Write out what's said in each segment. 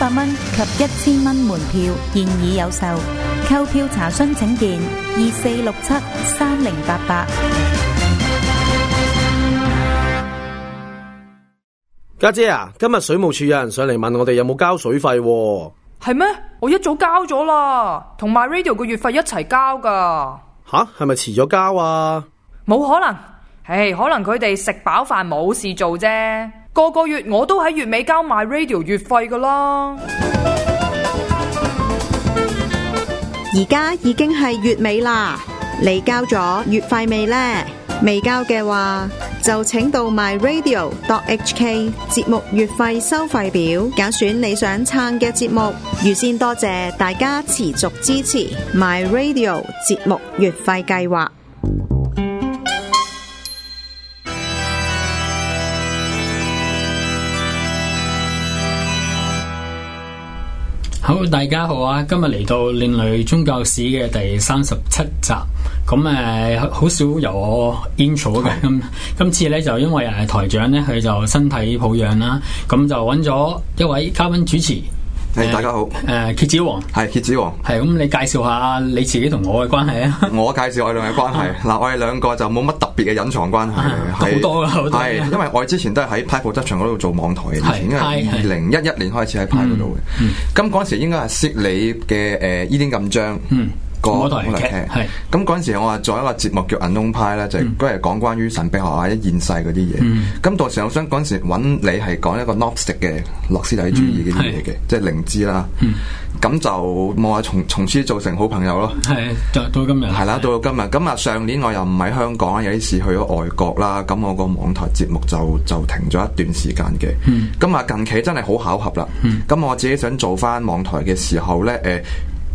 百蚊及一千蚊門票現已有售，購票查詢請電二四六七三零八八。家姐啊，今日水務處有人上嚟問我哋有冇交水費啊？係咩？我一早交咗啦，同埋 Radio 個月費一齊交噶。吓，係咪遲咗交啊？冇可能，唉，hey，可能佢哋食飽飯冇事做啫。個個月我都喺月尾交 my radio 月費噶啦，而家已經係月尾啦，你交咗月費未呢？未交嘅話，就請到 my radio dot hk 節目月費收費表，揀選你想撐嘅節目，預先多謝大家持續支持 my radio 節目月費計劃。好，大家好啊！今日嚟到另類宗教史嘅第三十七集，咁、嗯、誒，好少由我 intro 嘅， 今次咧就因為誒台長咧佢就身體抱恙啦，咁就揾咗一位嘉賓主持。誒，大家好！誒，蠍子王係蠍子王，係咁，你介紹下你自己同我嘅關係啊？我介紹我哋兩個嘅關係嗱，我哋兩個就冇乜特別嘅隱藏關係嘅，好多噶，好多噶，係，因為我哋之前都係喺派普德場嗰度做網台嘅，係因為二零一一年開始喺派嗰度嘅，咁嗰時應該係識你嘅誒，依啲咁張，嗯。我台嚟聽，係咁嗰陣時，我話做一個節目叫《銀龍派》咧、嗯，就都係講關於神秘學或者現世嗰啲嘢。咁、嗯、到時候我想嗰陣時揾你係講一個 Gnostic 嘅諾斯底主義嗰啲嘢嘅，嗯、即係靈知啦。咁、嗯、就望下從從此做成好朋友咯。係，到到今日係啦，到到今日。咁啊，上年我又唔喺香港，有啲事去咗外國啦。咁我個網台節目就就停咗一段時間嘅。咁啊、嗯，近期真係好巧合啦。咁我自己想做翻網台嘅時候咧，誒、呃。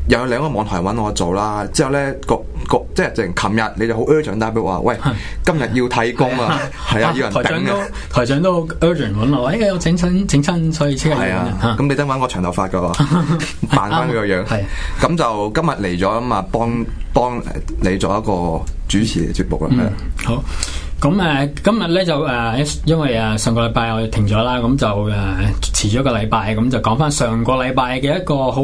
又有兩個網台揾我做啦，之後咧各各即係，就連琴日你就好 urgent 打俾我，喂，今日要睇工啊，係 啊， 要人頂嘅、啊啊。台長都，都 urgent 揾我，哎呀，我整親整親，所以即刻係啊、 嗯，咁你等揾個長頭髮嘅話，扮翻佢個樣。係， 咁就今日嚟咗啊嘛，幫幫你做一個主持嘅節目咁啊、嗯，好。咁誒、嗯、今日咧就誒、呃，因為誒上個禮拜我停咗啦，咁、嗯、就誒、呃、遲咗一個禮拜，咁、嗯、就講返上個禮拜嘅一個好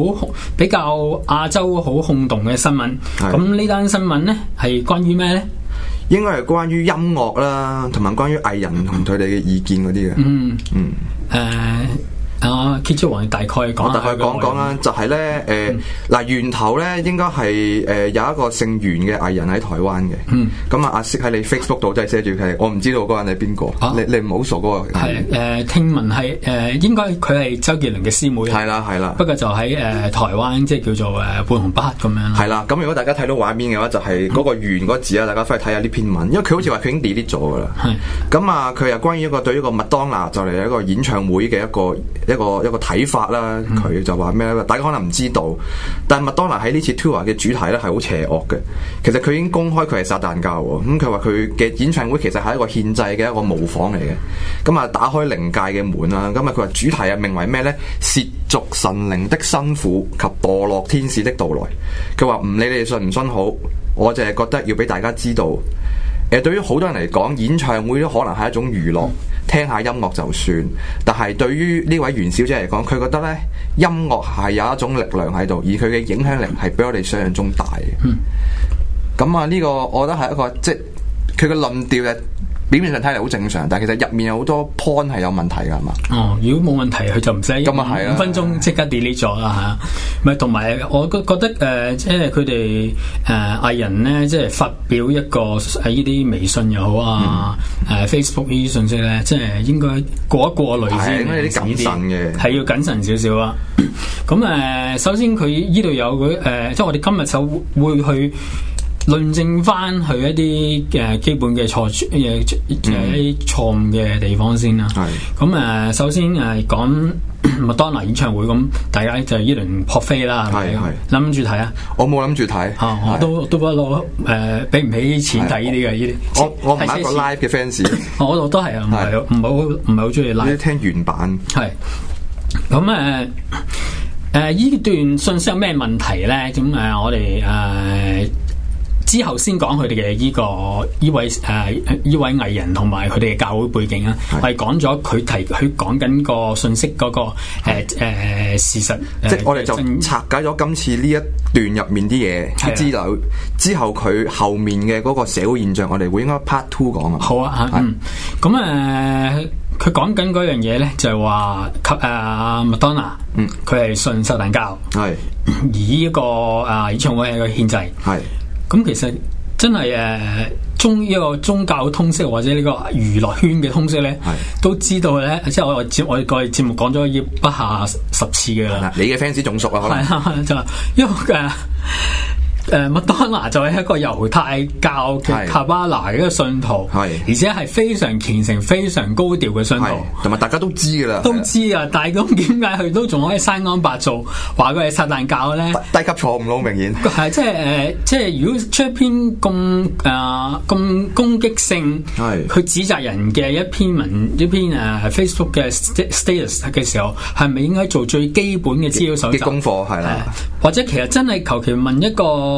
比較亞洲好轟動嘅新聞。咁呢單新聞咧係關於咩咧？應該係關於音樂啦，同埋關於藝人同佢哋嘅意見嗰啲嘅。嗯、呃、嗯誒。啊，蠍子王你大概講下。我大概講講啦，就係咧，誒、呃、嗱，嗯、源頭咧應該係誒、呃、有一個姓袁嘅藝人喺台灣嘅。嗯，咁啊，阿 Sir 喺你 Facebook 度真係寫住佢，我唔知道嗰人係邊個。你你唔好傻嗰個。係誒、呃，聽聞係誒、呃，應該佢係周杰倫嘅師妹。係啦，係啦。不過就喺誒、呃、台灣，即係叫做誒、呃、半紅不黑咁樣啦。係啦，咁如果大家睇到畫面嘅話，就係、是、嗰個袁嗰字啊，嗯、大家翻去睇下呢篇文，因為佢好似話佢已經 delete 咗噶啦。係的。咁的啊，佢又關於一個對一個麥當娜就嚟有一個演唱會嘅一個。一個一個睇法啦，佢就話咩、嗯、大家可能唔知道，但係麥當娜喺呢次 tour 嘅主題咧係好邪惡嘅。其實佢已經公開佢係撒旦教喎。咁佢話佢嘅演唱會其實係一個限制嘅一個模仿嚟嘅。咁啊，打開靈界嘅門啊。咁、嗯、啊，佢話主題啊名為咩呢？「涉足神靈的辛苦及墮落天使的到來」。佢話唔理你哋信唔信好，我淨係覺得要俾大家知道。誒、呃，對於好多人嚟講，演唱會都可能係一種娛樂。嗯聽下音樂就算，但係對於呢位袁小姐嚟講，佢覺得呢音樂係有一種力量喺度，而佢嘅影響力係比我哋想像中大嘅。咁、嗯、啊，呢、呢個我覺得係一個即係佢嘅論調嘅、就係。表面上睇嚟好正常，但係其實入面有好多 point 係有問題㗎，係嘛？哦，如果冇問題，佢就唔使五分鐘即刻 delete 咗啦嚇。唔係，同埋我覺覺得誒、呃，即係佢哋誒藝人咧，即係發表一個喺呢啲微信又好啊，誒、嗯呃、Facebook 呢啲信息咧，即係應該過一過濾先，的因為啲謹慎嘅，係要謹慎少少啊。咁誒， 首先佢依度有嗰誒、呃，即係我哋今日就會去。論證翻去一啲嘅基本嘅錯誒錯誤嘅地方先啦。咁啊、嗯，首先誒講麥當娜演唱會咁，大家就依輪撲飛啦。係係，諗住睇啊？我冇諗住睇，嚇，我都都唔攞誒，俾唔是、啊、起錢睇呢啲嘅依啲。我我唔係個 live 嘅 fans，我 我都係啊，唔係唔係好唔中意 live 聽原版係。咁誒誒，依、啊啊啊、段信息有咩問題咧？咁誒、啊，我哋誒。啊之後先講佢哋嘅依個依位誒依位藝人同埋佢哋嘅教會背景啊，係講咗佢提佢講緊個信息嗰個誒事實，uh, uh, artists, 即係我哋就拆解咗今次呢一段入面啲嘢之流。之後佢後面嘅嗰個社會現象，我哋會應該 part two 講啊。好啊，嗯、啊，咁誒，佢講緊嗰樣嘢咧，就係話及誒麥當娜，嗯，佢係信撒但教，係以依個誒演唱會嘅限制，係。咁其實真係誒宗呢個宗教通識，或者呢個娛樂圈嘅通識咧，是的 都知道咧，即係我我我個節目講咗要不下十次嘅啦。你嘅 fans 仲熟啊，可能係啊，就因為誒。呃 誒，麥當娜就係一個猶太教嘅卡巴拉嘅一個信徒，係，而且係非常虔誠、非常高調嘅信徒，同埋大家都知噶啦，都知啊。但係咁點解佢都仲可以生安白做，話佢係撒旦教咧？低級錯誤好明顯係即係誒，即係如果出一篇咁啊咁攻擊性，係，去指責人嘅一篇文，一篇誒 Facebook 嘅 status 嘅時候，係咪應該做最基本嘅資料搜集功課係啦？或者其實真係求其問一個？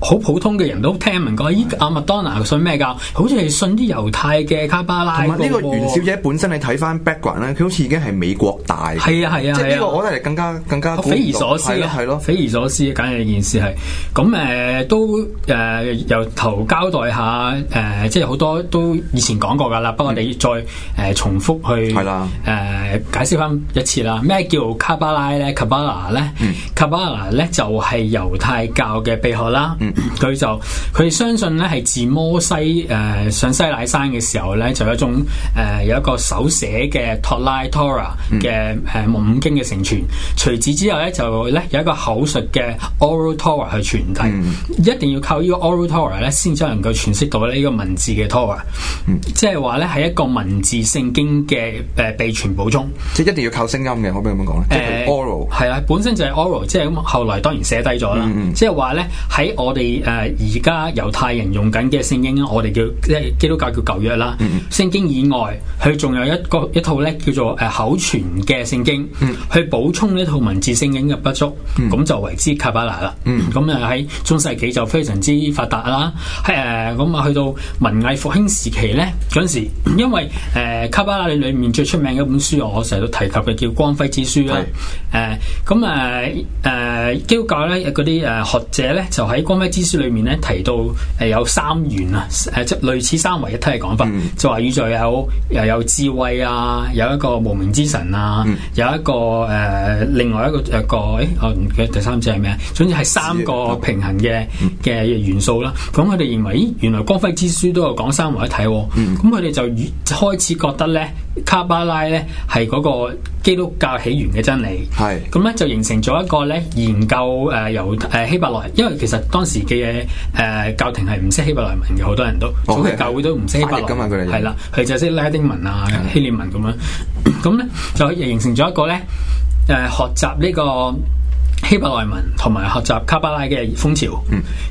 好普通嘅人都聽聞過，阿麥當娜信咩噶？好似係信啲猶太嘅卡巴拉。同埋呢個袁小姐本身你睇翻 background 咧，佢好似已經係美國大。係啊係啊，即係呢個我覺得係更加更加匪夷所思咯，係咯，匪夷所思，簡直件事係。咁誒、呃、都誒由、呃、頭交代下誒、呃，即係好多都以前講過噶啦，不過我你再誒、呃、重複去係啦誒解釋翻一次啦。咩叫卡巴拉咧？卡巴拉咧？卡巴拉咧就係猶太教嘅秘學啦。嗯，佢就佢相信咧，係自摩西誒、呃、上西乃山嘅時候咧，就有一種誒、呃、有一個手寫嘅托拉托拉嘅誒五經嘅成傳，除此之、之後咧，就咧有一個口述嘅 oral Torah 去傳遞，多語音一定要靠呢個 oral Torah 咧先至能夠詮釋到呢個文字嘅 Torah。嗯多語音，即係話咧係一個文字聖經嘅誒秘傳補充，即係一定要靠聲音嘅，可唔可以咁樣講咧？即係 oral 係啦，本身就係 oral，即係咁後來當然寫低咗啦。即係話咧喺我哋誒而家猶太人用緊嘅聖經，我哋叫即係基督教叫舊約啦。聖經以外，佢仲有一個一套咧叫做誒口傳嘅聖經，去補充呢套文字聖經嘅不足，咁就為之卡巴拉啦。咁啊喺中世紀就非常之發達啦。誒，咁啊去到文藝復興時期咧，嗰陣時因為誒卡巴拉裏裏面最出名嘅一本書，我成日都提及嘅叫《光輝之書》啦。誒，咁啊誒。基督教咧，嗰啲誒學者咧，就喺《光輝之書》裏面咧提到，誒有三元啊，誒即類似三位一體嘅講法，嗯、就話宇宙有又有，有智慧啊，有一個無名之神啊，嗯、有一個誒、呃、另外一個誒個誒，我唔記得第三者係咩，啊，總之係三個平衡嘅嘅、嗯、元素啦。咁佢哋認為咦，原來光輝之書都有講三位一體、啊，咁佢哋就開始覺得咧，卡巴拉咧係個基督教起源嘅真理，係咁咧就形成咗一個咧唔夠誒，由誒希伯來，因為其實當時嘅誒、呃、教廷係唔識希伯來文嘅，好多人都，哦、早期教會都唔識希伯來文，係啦、哦，佢的就識拉丁文啊、希臘的文咁樣，咁咧就形成咗一個咧誒、呃、學習呢個希伯來文同埋學習卡巴拉嘅風潮，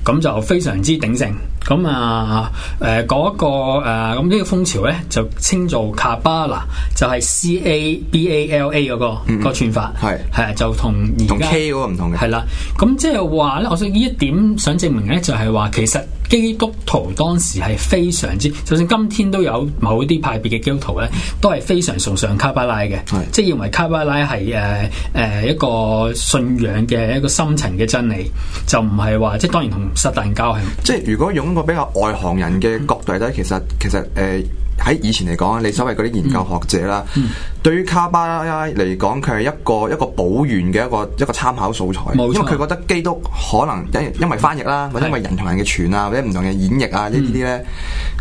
咁、嗯、就非常之鼎盛。咁啊，誒嗰、呃嗰個誒咁呢個風潮咧，就稱做卡巴拉，就係 C A B A L A 嗰個個串法，係係啊，就同而家同 K 嗰個唔同嘅，係啦。咁即係話咧，我想呢一點想證明咧，就係、係、話其實。基督徒當時係非常之，就算今天都有某啲派別嘅基督徒咧，都係非常崇尚卡巴拉嘅，是即係認為卡巴拉係誒誒一個信仰嘅一個深層嘅真理，就唔係話即係當然同撒但教係。即係如果用一個比較外行人嘅角度咧，嗯，其實其實誒。呃喺以前嚟講你所謂嗰啲研究學者啦，嗯、對於卡巴拉拉嚟講，佢係一個一個補完嘅一個一個參考素材，冇錯，因為佢覺得基督可能因因為翻譯啦，或者因為人同人嘅傳啊，或者唔同嘅演繹啊，呢啲呢。嗯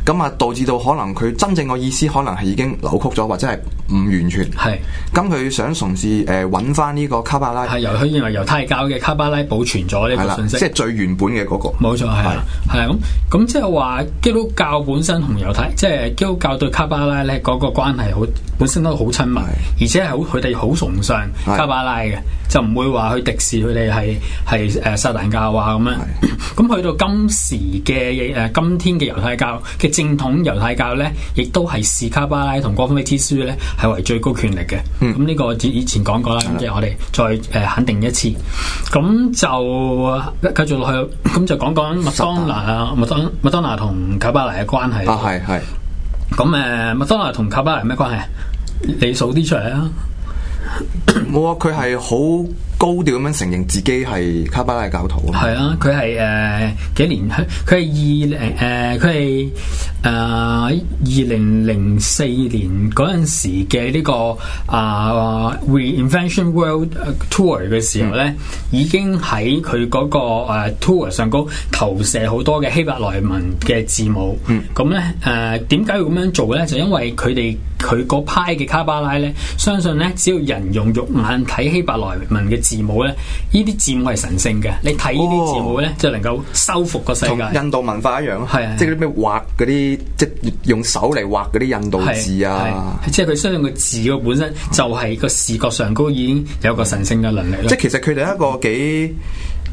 咁啊，導致到可能佢真正個意思可能係已經扭曲咗，或者係唔完全。係是，咁佢想從事誒揾翻呢個卡巴拉。係由佢認為猶太教嘅卡巴拉保存咗呢個信息，即係、就是、最原本嘅嗰、那個。冇錯，係啊，咁咁即係話基督教本身同猶太，即、就、係、是、基督教對卡巴拉咧嗰個關係好，本身都好親密，的而且係好佢哋好崇尚卡巴拉嘅。就唔會話去敵視佢哋，係係誒撒但教啊咁樣，咁去到今時嘅誒今天嘅猶太教嘅正統猶太教咧，亦都係視卡巴拉同《光明之書》咧係為最高權力嘅。咁呢個以前講過啦，咁即係我哋再誒肯定一次。咁就繼續落去，咁就講講麥當娜啊，麥當麥當娜同卡巴拉嘅關係啊，係係咁誒，麥當娜同卡巴拉有咩關係？你數啲出嚟啊！我佢係好高調咁樣承認自己係卡巴拉教徒係啊，佢係誒幾年，佢係二零，誒、呃，佢係誒二零零四年嗰陣時嘅呢個啊 Reinvention World Tour 嘅時候咧，這個，已經喺佢嗰個誒、呃、tour 上高投射好多嘅希伯來文嘅字母。嗯呢，咁咧誒點解要咁樣做咧？就因為佢哋。佢嗰派嘅卡巴拉咧，相信咧只要人用肉眼睇希伯來文嘅字母咧，呢啲字母係神聖嘅。你睇呢啲字母咧，哦、就能夠修復個世界。同印度文化一樣，係啊的，即係嗰啲咩畫嗰啲，即係用手嚟畫嗰啲印度字啊。係啊，即係佢相信個字個本身就係個視覺上高已經有個神聖嘅能力咯。嗯、即係其實佢哋一個幾。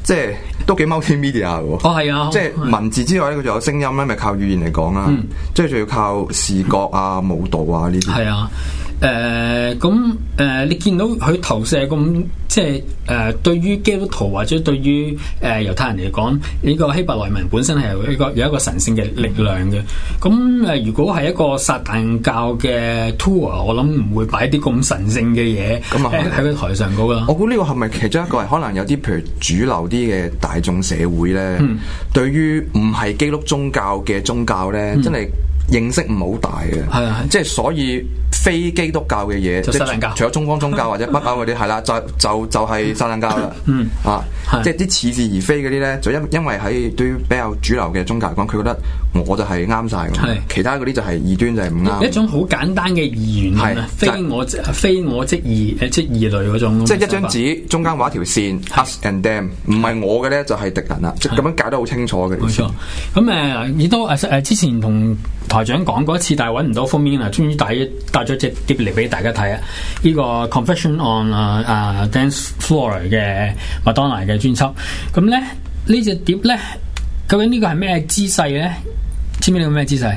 即係都幾 multimedia 喎。哦，係啊，即係文字之外咧，佢仲有聲音啦，咪靠語言嚟講啦。嗯，即係仲要靠視覺啊、舞蹈啊呢啲。係啊。誒，咁誒、uh,，uh, 你見到佢投射咁，即係誒，uh, 對於基督徒或者對於誒猶太人嚟講，呢、這個希伯來文本身係有一個有一個神聖嘅力量嘅。咁誒、嗯，如果係一個撒但教嘅 tour，我諗唔會擺啲咁神聖嘅嘢咁喺喺佢台上嗰個。我估呢個係咪其中一個係可能有啲譬如主流啲嘅大眾社會咧，嗯、對於唔係基督宗教嘅宗教咧，真係。認識唔好大嘅，係啊，即係所以非基督教嘅嘢，就撒但教。除咗中方宗教或者北歐嗰啲，係啦，就就就係撒但教啦。嗯，啊，係，即係啲似是而非嗰啲咧，就因因為喺對於比較主流嘅宗教嚟講，佢覺得我就係啱晒。其他嗰啲就係異端，就係唔啱。一種好簡單嘅二元係非我非我即異即異類嗰種。即係一張紙中間畫一條線，us and them，唔係我嘅咧就係敵人啦，即咁樣解得好清楚嘅。冇錯，咁誒，你都誒誒之前同台長講過一次，但係揾唔到封面啦。終於帶咗帶咗隻碟嚟俾大家睇啊！呢、呢個 Confession On 啊、uh, 啊、uh, Dance Floor 嘅麥當娜嘅專輯，咁咧呢隻碟咧究竟呢個係咩姿勢咧？知唔知呢個咩姿勢？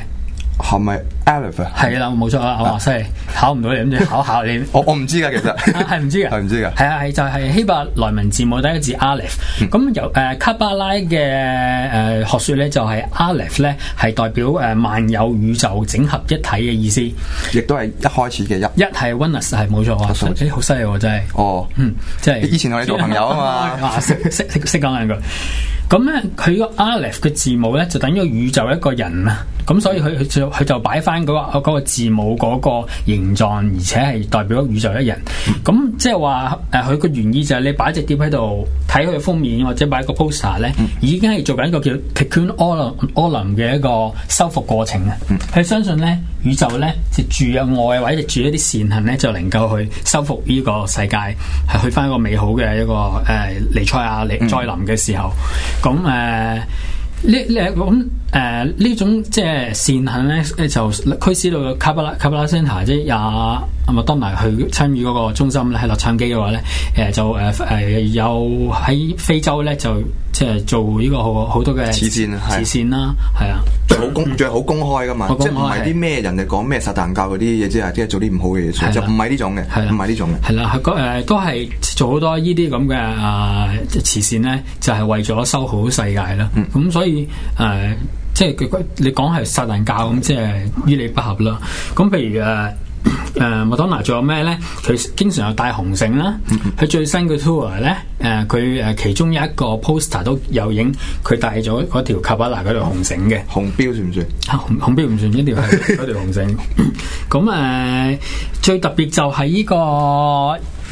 係咪 Aleph？係啦，冇錯啦，哇，犀利！考唔到你，諗住考下你，我我唔知噶，其實係唔知噶，係唔知噶，係啊係就係希伯來文字母第一個字 Aleph。咁由誒卡巴拉嘅誒學說咧，就係 Aleph 咧係代表誒萬有宇宙整合一體嘅意思，亦都係一開始嘅一。一係 Venus 係冇錯啊，即係好犀利喎，真係。哦，嗯，即係以前我哋做朋友啊嘛，識識識識講兩句。咁咧，佢個 ALEF 嘅字母咧，就等於宇宙一個人啦。咁所以佢佢就佢就擺翻嗰、嗰個嗰個字母嗰個形狀，而且係代表宇宙一人。咁即係話誒，佢、呃、個原意就係你擺隻碟喺度。睇佢封面或者擺個 poster 咧、嗯，已經係做緊一個叫《Tikkun Olam、um、Tikkun Olam》嘅一個修復過程啊！佢、嗯、相信咧，宇宙咧住愛或者住一啲善行咧，就能夠去修復呢個世界，係去返一個美好嘅一個誒彌賽亞尼再臨嘅時候。咁誒呢呢咁。誒呢種即係善行咧，就驅使到卡巴拉卡巴拉聖塔啫，也係麥當娜去參與嗰個中心咧？喺洛杉磯嘅話咧，誒就誒係有喺非洲咧，就即係做呢個好好多嘅慈善慈善啦，係啊，好公眾、好公開噶嘛，即係唔係啲咩人哋講咩撒旦教嗰啲嘢啫？即係做啲唔好嘅嘢，就唔係呢種嘅，唔係呢種嘅，係啦，係都係做好多呢啲咁嘅啊慈善咧，就係為咗修好世界啦。咁所以誒。即係佢，你講係撒旦教咁，即係於理不合啦。咁譬如誒誒麥當娜，仲有咩咧？佢經常有戴紅繩啦。佢 最新嘅 tour 咧，誒佢誒其中一個 poster 都有影佢戴咗嗰條卡巴拉嗰條紅繩嘅紅標，算唔算？啊、紅紅標唔算，一條係一條紅繩。咁誒、 啊、最特別就係呢、這個。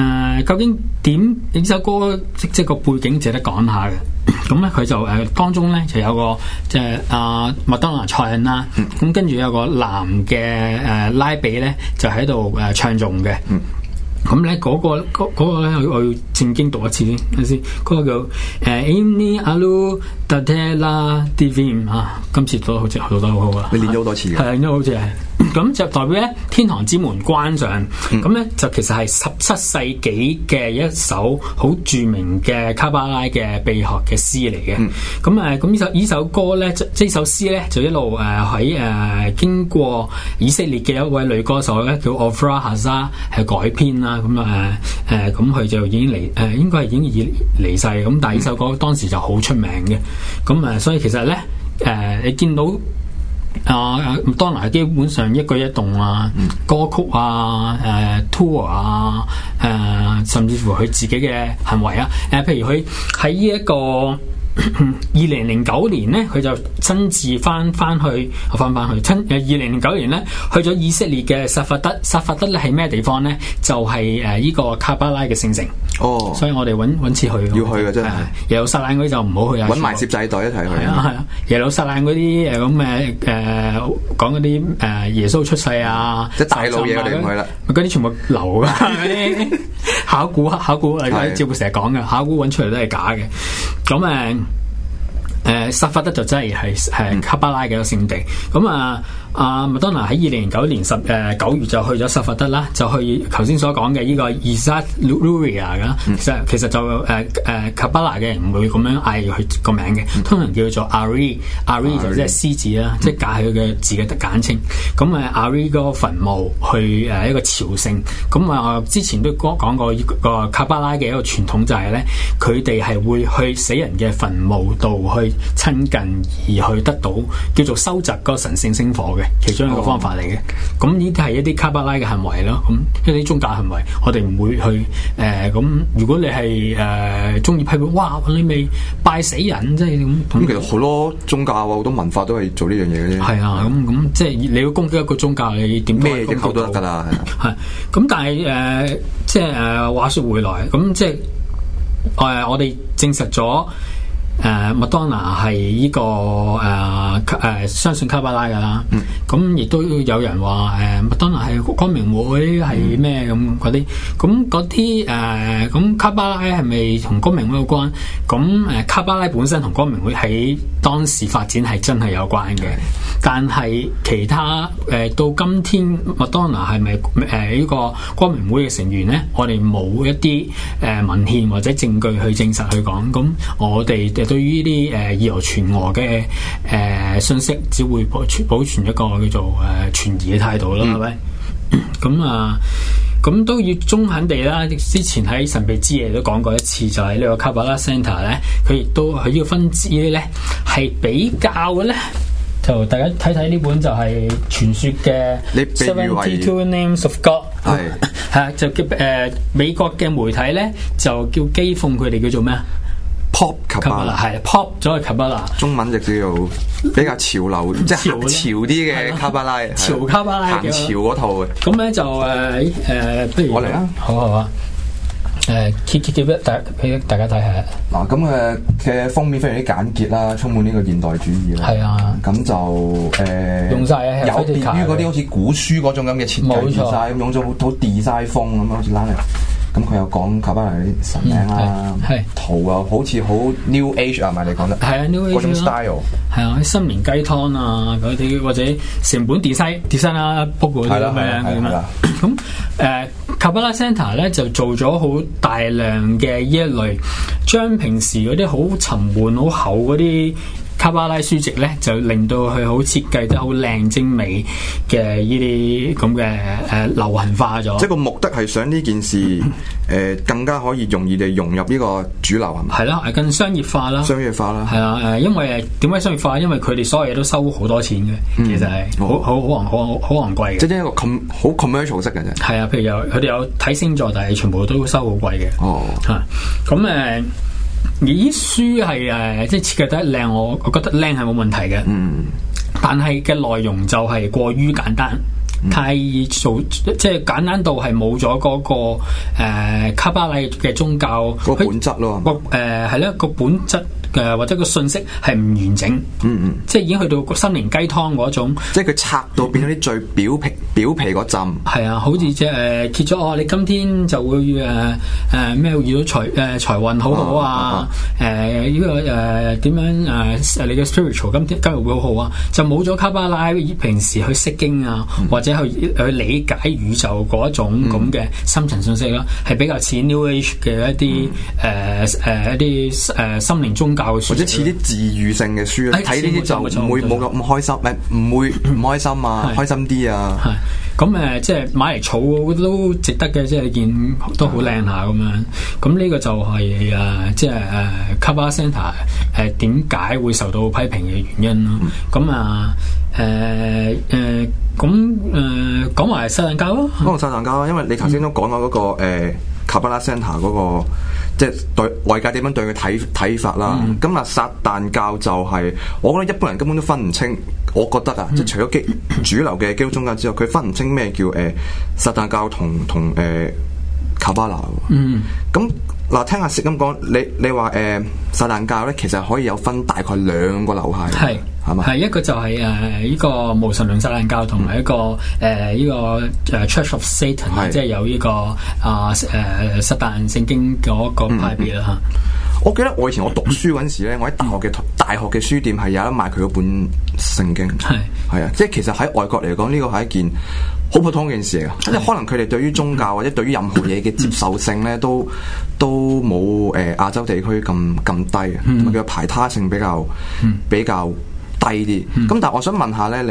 誒、啊，究竟點？呢首歌即即個背景值得講下嘅。咁咧，佢、 嗯、就誒當中咧就有個即係阿、啊、麥當娜唱啦。咁、嗯、跟住有個男嘅誒、呃、拉比咧，就喺度誒唱誦嘅。咁咧嗰個嗰個咧，我要正經讀一次先。先，嗰、那個叫誒 i m y a l u t e l a divin 啊！今次讀得好，似，係讀得好好啊！你練咗好多次嘅，係啊，好似係。咁就代表咧，天堂之門關上。咁咧、嗯、就其實係十七世紀嘅一首好著名嘅卡巴拉嘅秘學嘅詩嚟嘅。咁誒、嗯，咁呢首呢首歌咧，呢首詩咧，就一路誒喺誒經過以色列嘅一位女歌手咧，叫 Ofra Haza 係改編啦。咁誒誒，咁、啊、佢、啊啊啊、就已經離，誒、啊，應該係已經已離世。咁但係呢首歌當時就好出名嘅。咁誒、嗯，所以其實咧，誒、啊、你見到。啊，麥當娜基本上一舉一動啊，mm. 歌曲啊，誒、uh, tour 啊，誒、uh，甚至乎佢自己嘅行為啊，誒，譬如佢喺呢一個。二零零九年咧，佢就親自翻翻去，翻翻去。親又二零零九年咧，去咗以色列嘅沙法德。沙法德咧係咩地方咧？就係誒呢個卡巴拉嘅聖城。哦，所以我哋揾次去。要去嘅真係耶路撒冷嗰啲就唔好去啦。揾埋接仔隊一齊去。係啊，耶路撒冷嗰啲誒咁嘅誒講嗰啲誒耶穌出世啊，即係大佬嘢嚟啦。嗰啲全部流噶，考古考古，阿哥啲節目成日講噶，考古揾出嚟都係假嘅。咁啊。誒，沙法德就真係係係卡巴拉嘅一個聖地，咁、嗯、啊。嗯呃阿麥、啊、當娜喺二零零九年十誒九、呃、月就去咗薩弗德啦，就去頭先所講嘅呢個 Isaac Luria 噶、嗯，其實其實就誒誒卡巴拉嘅人，唔會咁樣嗌佢個名嘅，通常叫做 Ari，Ari 就、啊、里即係獅子啦，嗯、即係解佢嘅字嘅得簡稱。咁、嗯嗯、啊 Ari 嗰個墳墓去誒一個朝聖，咁、嗯、啊我之前都講講過個卡巴拉嘅一個傳統就係咧，佢哋係會去死人嘅墳墓度去親近而去得到叫做收集個神性星火。其中一個方法嚟嘅，咁呢啲係一啲卡巴拉嘅行為咯，咁一啲宗教行為，我哋唔會去誒。咁、呃、如果你係誒中意批判，哇！你咪拜死人，即係咁。咁其實好多宗教啊，好多文化都係做呢樣嘢嘅啫。係啊的，咁咁的即係你要攻擊一個宗教，你點？咩都得噶啦？係。 係。咁但係誒，即係誒、呃、話說回來，咁即係誒、呃、我哋證實咗。誒麥、呃、當娜係呢、呢個誒誒、呃啊啊、相信卡巴拉嘅啦，咁亦都有人話誒麥當娜係光明會係咩咁嗰啲，咁啲誒咁卡巴拉係咪同光明會有關？咁誒卡巴拉本身同光明會喺當時發展係真係有關嘅，但係其他誒、呃、到今天麥當娜係咪誒呢個光明會嘅成員咧？我哋冇一啲誒、呃、文獻或者證據去證實去講，咁我哋對呢啲誒以訛傳訛嘅誒信息，只、呃、會保保存一個叫做誒傳疑嘅態度啦，係咪？咁、嗯、啊，咁、呃、都要中肯地啦。之前喺神秘之夜都講過一次，就喺、是、呢個卡巴拉 Center 咧，佢亦都佢呢個分支咧係比較嘅咧。就大家睇睇呢本就係傳説嘅 Seventy Two Names of God 係係就叫誒美國嘅媒體咧，就叫譏諷佢哋叫做咩啊？pop 卡巴拉係 pop 咗去卡巴拉，中文亦叫做比較潮流，即係潮啲嘅卡巴拉，潮卡巴拉，行潮嗰套。咁咧就誒誒，不如我嚟啦，好好啊，誒，揭揭揭一第俾大家睇下嗱。咁誒嘅封面非常之簡潔啦，充滿呢個現代主義啦。係啊，咁就誒用晒，有別於嗰啲好似古書嗰種咁嘅設計曬，咁用咗好 design 風咁啊，好似拉嚟。咁佢又講卡巴拉啲神名啦，係圖啊，嗯、啊啊啊好似好 New Age 啊嘛，你講得係啊 New Age 嗰種 style 係啊，心靈雞湯啊嗰啲，或者成本 design design 啊 book 嗰咁樣咁樣。咁誒卡巴拉 center 咧就做咗好大量嘅呢一類，將平時嗰啲好沉悶、好厚嗰啲。卡巴拉書籍咧，就令到佢好設計得好靚精美嘅呢啲咁嘅誒流行化咗。即係個目的係想呢件事誒、 呃、更加可以容易地融入呢個主流係嘛？係啦，係更商業化啦，商業化啦。係啊，誒、呃，因為點解商業化？因為佢哋所有嘢都收好多錢嘅，嗯、其實係好好好昂好好昂貴嘅。哦、即係一個咁好 commercial 式嘅啫。係啊，譬如有佢哋有睇星座，但係全部都收好貴嘅。哦、嗯，吓咁誒。啊咦，啲書係、呃、即係設計得靚，我我覺得靚係冇問題嘅。嗯，但係嘅內容就係過於簡單，嗯、太易做，即係簡單到係冇咗嗰個、呃、卡巴拉嘅宗教個本質咯。個誒係咧個本質。誒，或者個信息係唔完整，嗯嗯，即係已經去到個心靈雞湯嗰種，即係佢拆到變咗啲最表皮表皮陣，係啊，好似即係誒揭咗哦，你今天就會誒誒咩遇到財誒財運好好啊，誒呢個誒點樣誒誒你嘅 spiritual 今今日會好好啊，就冇咗卡巴拉平時去釋經啊，或者去去理解宇宙嗰一種咁嘅深層信息啦，係比較似 new age 嘅一啲誒誒一啲誒心靈中。或者似啲治愈性嘅書咧，睇呢啲就唔會冇咁開心，唔唔會唔開心啊，是 開心啲啊。咁誒，即係、呃就是、買嚟儲都值得嘅，即、就、係、是、見都好靚下咁樣。咁呢、啊、個就係、是、誒，即係誒，Kabala Center 誒點解會受到批評嘅原因咯。咁、嗯、啊誒誒，咁誒講埋撒但教咯，講埋撒但教咯，因為你頭先都講咗嗰個誒 Kabala Center 嗰個。啊即係對外界點樣對佢睇睇法啦，咁啊、嗯、撒但教就係、是、我覺得一般人根本都分唔清，我覺得啊，嗯、即係除咗基主流嘅基督教，教之外，佢分唔清咩叫誒撒但教同同誒卡巴拉喎，咁、嗯。嗱，聽阿石咁講，你你話誒撒但教咧，其實可以有分大概兩個流派，係係嘛？係吧一個就係誒依個無神論撒但教，同埋一個誒依、呃、個誒、呃、Church of Satan 是即係有呢個啊誒撒但聖經嗰個派別啦嚇、嗯嗯。我記得我以前我讀書嗰陣時咧，嗯、我喺大學嘅、嗯、大學嘅書店係有得賣佢嗰本聖經，係係啊，即係是其實喺外國嚟講，呢、這個係一件好普通件事嚟㗎，即係可能佢哋對於宗教、嗯、或者對於任何嘢嘅接受性咧、嗯，都都冇誒亞洲地區咁咁低，同埋佢嘅排他性比較、嗯、比較。低啲，咁、嗯、但係我想問下咧，你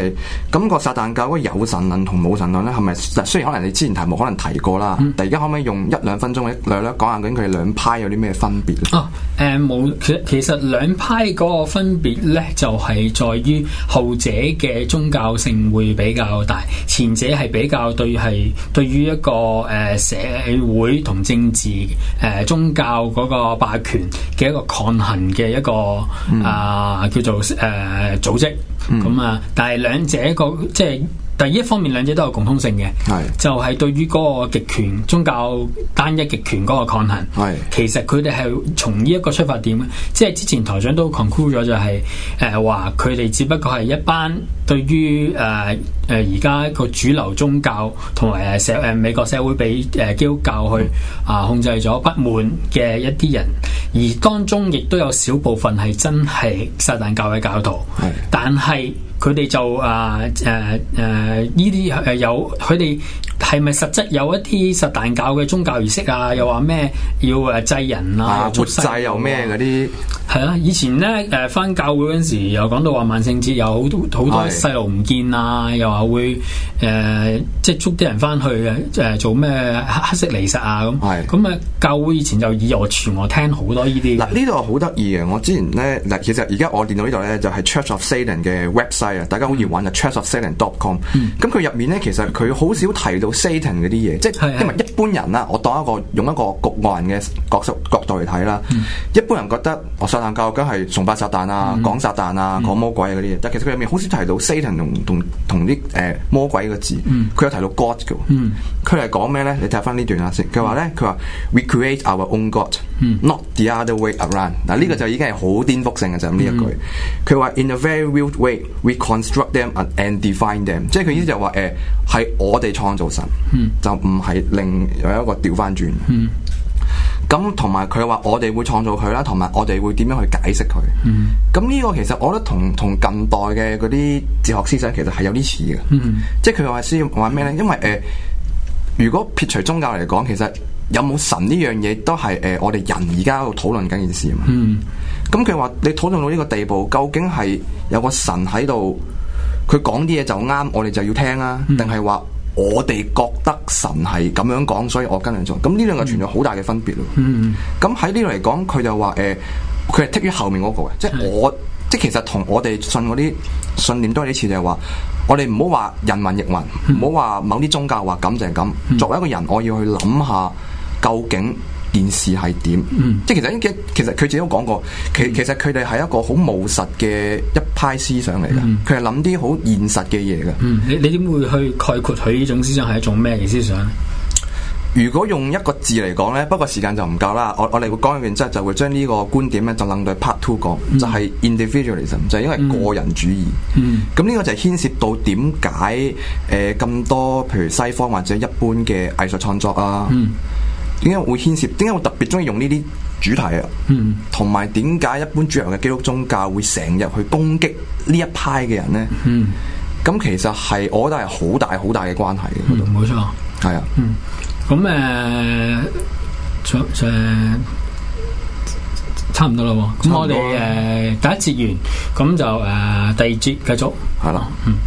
咁、那個撒但教嗰個有神論同冇神論咧，係咪？雖然可能你之前題目可能提過啦，嗯、但而家可唔可以用一兩分鐘、一兩粒講下究竟佢哋兩派有啲咩分別？啊、哦，誒、呃，冇，其實其實兩派嗰個分別咧，就係、是、在於後者嘅宗教性會比較大，前者係比較對係對於一個誒、呃、社會同政治誒、呃、宗教嗰個霸權嘅一個抗衡嘅一個啊、嗯呃、叫做誒。呃組織咁啊，但係兩者個即係。但係一方面兩者都有共通性嘅，是的 就係對於嗰個極權宗教單一極權嗰個抗衡。係是的 其實佢哋係從呢一個出發點，即係之前台長都 conclude 咗就係誒話佢哋只不過係一班對於誒誒而家個主流宗教同埋誒社誒、呃、美國社會俾誒、呃、基督教去啊、呃、控制咗不滿嘅一啲人，而當中亦都有少部分係真係撒旦教嘅教徒。係是的，但係。佢哋就啊誒誒呢啲誒有佢哋係咪實質有一啲撒但教嘅宗教儀式啊？又話咩要誒祭人啊？啊世啊活祭又咩啲？係啊！以前咧誒返教會嗰陣時又講到話萬聖節有好多好多細路唔見啊！是又話會誒、呃、即係捉啲人返去誒、啊、做咩黑黑色彌撒啊咁。係咁啊！教會以前就以我傳我聽好多呢啲。嗱呢度好得意嘅，我之前咧嗱，其實而家我見到呢度咧就係 Church of Satan 嘅 website。係啊，大家好易玩啊，churchofsatan.com。咁佢入面咧，其實佢好少提到 Satan 嗰啲嘢，即係因為一般人啦，我當一個用一個局外人嘅角色角度嚟睇啦。一般人覺得我撒旦教育梗係崇拜撒旦啊，講撒旦啊，講魔鬼嗰啲嘢，但係其實入面好少提到 Satan 同同同啲誒魔鬼嘅字。佢有提到 God 嘅，佢係講咩咧？你睇翻呢段啊先。佢話咧，佢話 We create our own God。Not the other way around. Now,、mm。嗱、hmm. 呢個就已經係好顛覆性嘅就係、是、呢一句。佢話、mm hmm. in a very weird way we construct them and define them。即係佢意思就話誒係我哋創造神，mm hmm. 就唔係另有一個掉返轉。咁同埋佢話我哋會創造佢啦，同埋我哋會點樣去解釋佢。咁呢、mm hmm. 個其實我覺得同同近代嘅嗰啲哲學思想其實係有啲似嘅。Mm hmm. 即係佢話先話咩咧？因為誒、呃、如果撇除宗教嚟講，其實有冇神呢樣嘢都係誒，我哋人而家喺度討論緊件事嘛？嗯。咁佢話你討論到呢個地步，究竟係有個神喺度，佢講啲嘢就啱，我哋就要聽啊。定係話我哋覺得神係咁樣講，所以我跟人做？咁呢兩個存在好大嘅分別咯。嗯。咁喺呢度嚟講，佢就話誒，佢係剔咗後面嗰個嘅，即係我，即係其實同我哋信嗰啲信念都係呢次。就係話我哋唔好話人云亦云，唔好話某啲宗教話咁就係咁。作為一個人，我要去諗下。究竟件事係點？即係、嗯、其實，其實佢自己都講過，其其實佢哋係一個好務實嘅一派思想嚟嘅，佢係諗啲好現實嘅嘢嘅。你你點會去概括佢呢種思想係一種咩嘅思想？如果用一個字嚟講呢，不過時間就唔夠啦。我我哋會講完之後就會將呢個觀點咧就拎到 part two 講，嗯、就係 individualism，就係因為個人主義。嗯，咁、嗯、呢個就係牽涉到點解誒咁多，譬如西方或者一般嘅藝術創作啊。嗯點解會牽涉？點解我特別中意用呢啲主題啊？嗯，同埋點解一般主流嘅基督宗教會成日去攻擊呢一派嘅人咧？嗯，咁其實係我覺得係好大好大嘅關係嘅。冇錯，係啊。嗯，咁誒，再、uh, 差唔多啦。咁我哋誒、uh, 第一節完，咁就誒、uh, 第二節繼續。係啦，嗯。了